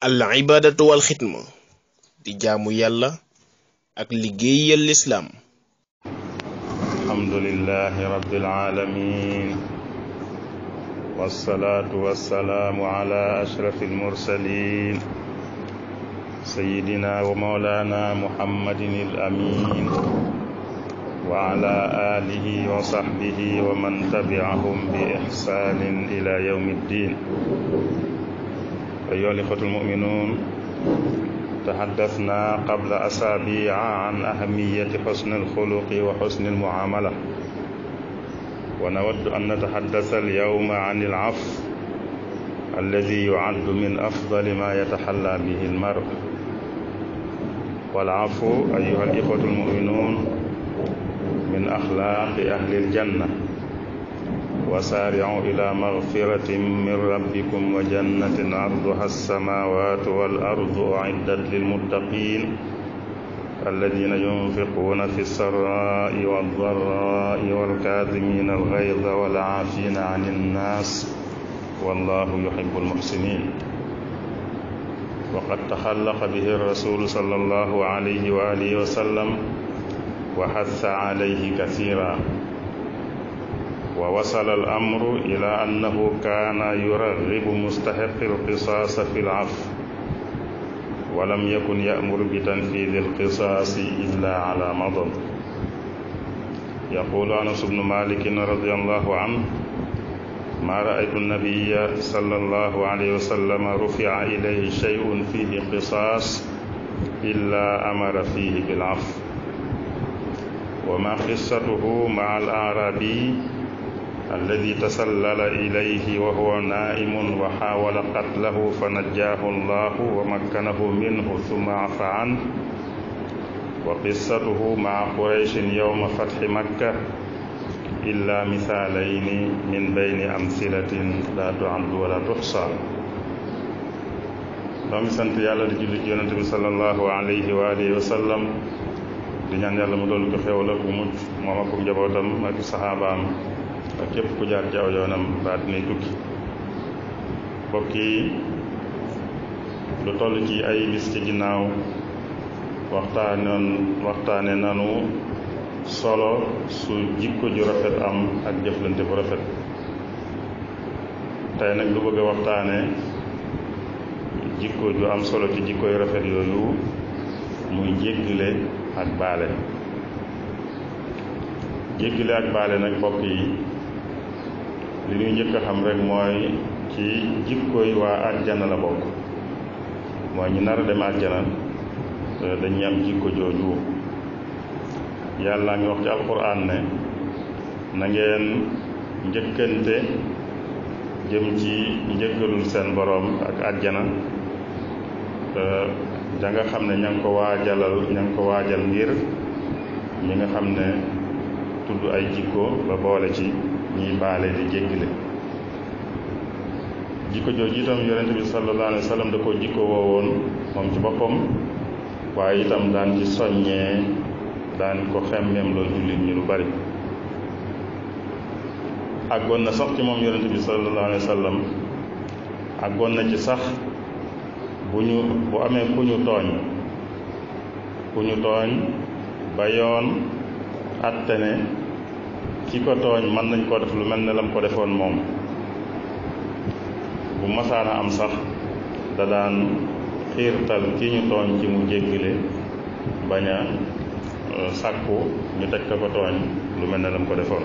العبادة ibadatu دي جامو يالا jaamu yàlla ak liggéeyal lislaam alhamdulillahi والصلاة والسلام على أشرف المرسلين سيدنا ومولانا محمد الأمين وعلى آله وصحبه ومن تبعهم بإحسان إلى يوم الدين أيها الإخوة المؤمنون تحدثنا قبل أسابيع عن أهمية حسن الخلق وحسن المعاملة ونود أن نتحدث اليوم عن العفو الذي يعد من أفضل ما يتحلى به المرء والعفو أيها الإخوة المؤمنون من أخلاق أهل الجنة وسارعوا إلى مغفرة من ربكم وجنة عرضها السماوات والأرض أعدت للمتقين الذين ينفقون في السراء والضراء والكاظمين الغيظ والعافين عن الناس والله يحب المحسنين وقد تخلق به الرسول صلى الله عليه وآله وسلم وحث عليه كثيرا ووصل الأمر إلى أنه كان يرغب مستحق القصاص في العفو ولم يكن يأمر بتنفيذ القصاص إلا على مضض يقول أنس بن مالك رضي الله عنه ما رأيت النبي صلى الله عليه وسلم رفع إليه شيء فيه قصاص إلا أمر فيه بالعفو وما قصته مع الأعرابي الذي تسلل إليه وهو نائم وحاول قتله فنجاه الله ومكنه منه ثم عفى عنه وقصته مع قريش يوم فتح مكة إلا مثالين من بين أمثلة لا تعد ولا تحصى لما سنت يالا دي جولي يونتبي صلى الله عليه واله وسلم دي نان يالا مودول كو خيو لا كو موت موماكو جابوتام ما صحابام ak képp ku jaar ci aw yoonam baa dinay tukki mbokk yi lu toll ci ay bis ci ginnaaw waxtaanoon waxtaane nanu solo su jikko ju rafet am ak jëflante bu rafet tey nag lu bëgg a waxtaane jikko ju am solo ci jikko yu rafet yooyu muy jéggale ak baale jéggale ak baale nag mbokk yi li ñuy njëkk xam rekk mooy ci jikkooy waa àjjana la bokk mooy ñu nar a dem àjjana dañuy am jikko jooju yàlla ngi wax ci alquran ne na ngeen jëm ci njëggalul seen boroom ak àjjana da nga xam ne ña ngi ko waajalal ña ngi ko waajal ngir ñi nga xam ne tudd ay jikko ba boole ci ñuy baale di jéggale jikko jooju itam yonente bi sallallahu wa sallam da koo jikko woowoon moom ci boppam waaye itam daan ci soññee daan ko xemmeem loo jullit ñi lu bari àggoon na sax ci moom yonente bi sallallahu alayhi wa sallam àggoon na ci sax bu ñu bu amee ku ñu tooñ ku ñu tooñ ba yoon àtte ne ci ko tooñ mën nañ koo def lu mel ne lam ko defoon moom bu a am sax da daan xiirtal ki ñu tooñ ci mu jéggile bañ euh, sàkku ñu teg ko tooñ lu mel ne lam ko defoon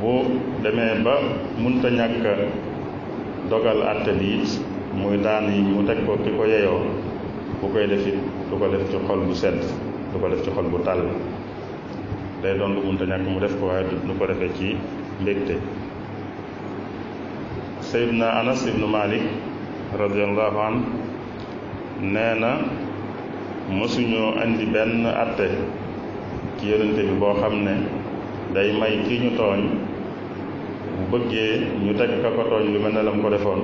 bu demee ba munta ñàkk dogal àtte bi it muy daan yi mu teg ko ki ko yeyoo bu koy def it du ko def ci xol bu sedd du ko def ci xol bu tàll day doon lu ñàkk mu def ko waaye du ko defee ci mbégte sayidna anas ibnu malik radiallahu an nee na mësuñoo andi benn atte ci yonente bi boo xam ne day may ki ñu tooñ bu bëggee ñu teg ka ko tooñ lu mel ne la ko defoon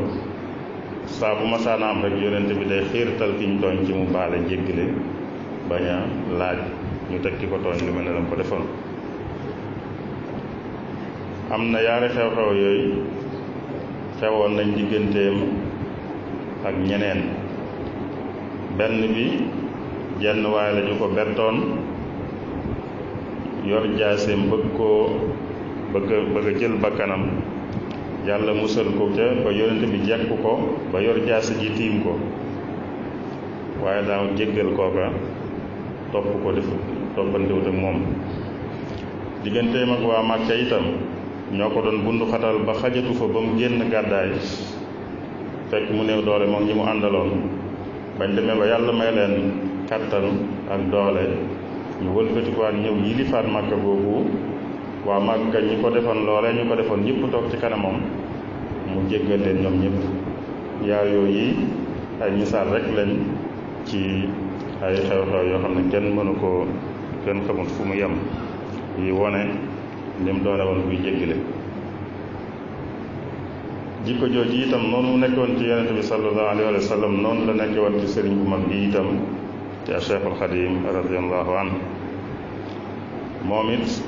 saa masaanaam masaana am rek yonente bi day xiirtal ki ñu tooñ ci mu baale jéggale bañ a laaj ñu teg ki ko tooñ lu mel ne danga ko defoon am na yaari xew-xew yooyu xewoon nañ digganteem ak ñeneen benn bi jenn waaye la ñu ko bettoon yor jaaseem bëgg koo bëgg bëgg jël bakkanam yàlla musal ko ca ba yonent bi jekk ko ba yor jaase ji tiim ko waaye daaw jéggal kooka topp ko def toppandiwut ak moom digganteem ak waa Màkka itam ñoo ko doon bundu xatal ba xajatu fa ba mu génn gàddaay fekk mu néew doole moom ñi mu àndaloon bañ demee ba yàlla may leen kàttan ak doole ñu wëlbatikuwaat ñëw yilifaat Màkka googu waa Màkka ñi ko defoon loole ñu ko defoon ñëpp toog ci kanamam mu jéggal leen ñoom ñëpp yaar yooyu ay misaal rekk lañ ci ay xew-xew yoo xam ne kenn mënu ko kenn xamul fu mu yem yi wone ni mu doone woon buy jéggile jikko jooju itam noonu mu nekkoon ci yonente bi sallallahu alayhi wa noonu la nekke woon ci sëriñ bu mag bi itam ci Cheikhul Xadim radiallahu anhu moom it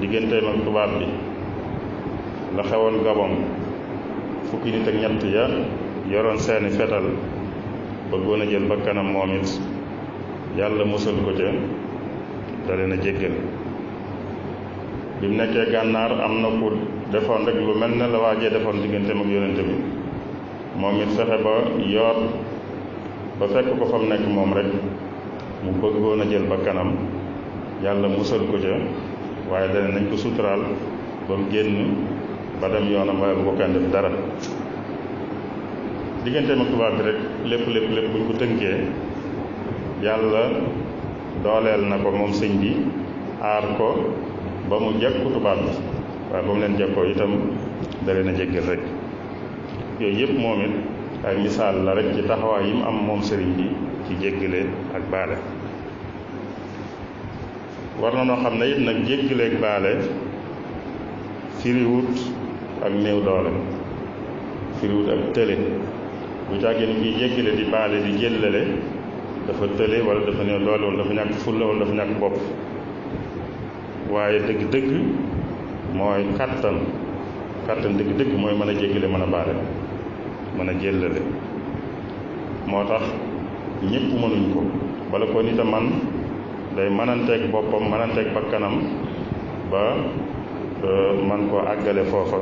digganteem ak tubaab bi la xewoon Gabon fukki nit ak ñett ya yoroon seeni fetal bëggoon a jël kanam moom it yàlla musal ko ca da na a jéggal bi mu nekkee gànnaar am na ku defoon rek lu mel na la waajee defoon digganteem ak yonente bi moom it fexe ba yoot ba fekk ko fa mu nekk moom rek mu bëggoon a jël kanam yàlla musal ko ca waaye dana nañ ko suturaal ba mu génn ba dem yoonam waaye bu ko def dara digganteem ak tubaab bi rek lépp lépp lépp buñ ko tënkee yàlla dooleel na ko moom sëñ bi aar ko ba mu jekku tubaab bi waaye ba mu leen jekkoo itam da leen a jéggal rek yooyu yëpp ay misaal la rek ci taxawaay yi mu am moom sëriñ bi ci jéggale ak baale war na noo xam ne it nag jéggale ak baale firiwut ak néew doole firiwut ak tële bu caagee ni kii jéggale di baale di jéllale dafa tële wala dafa néew doole wala dafa ñàkk fulla wala dafa ñàkk bopp waaye dëgg-dëgg mooy kàttan kàttan dëgg-dëgg mooy mën a jéggale mën a baale mën a jéllale moo tax ñëpp mënuñ ko bala ko nit a man day mënanteeg boppam mënanteeg bakkanam ba euh, man koo àggale foofa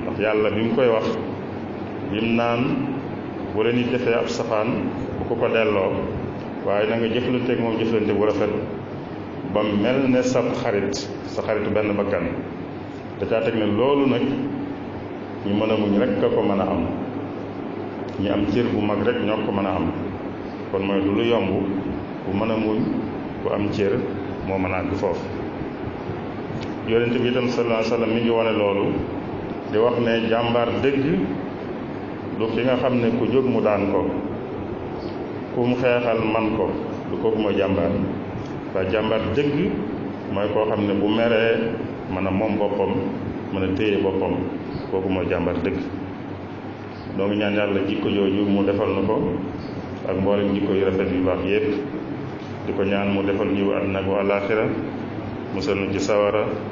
ndax yàlla bi mu koy wax lim naan bu la nit defee ab safaan bu ko ko delloo waaye na nga jëflante ak moom jëflante bu rafet ba mel ne sab xarit sa xaritu benn bakkan da caa teg ne loolu nag ñu mën a muñ rek a ko mën a am ñi am cër bu mag rek ñoo ko mën a am kon mooy du lu yomb bu mën a muñ bu am cër moo mën a àgg foofu yonent bi itam sallallahu mi ngi wone loolu di wax ne jàmbaar dëgg du ki nga xam ne ku jóg mu daan ko ku mu xeexal man ko du kooku mooy jàmbaar waaye jàmbaar dëgg mooy koo xam ne bu meree mën a moom boppam mën a téye boppam kooku mooy jàmbaar dëgg doo ngi ñaan yàlla jikko jooju mu defal na ko ak mboolem jikko yu rafet yu baax yépp di ko ñaan mu defal ñu àddina bu àllaaxira musal nu ci sawara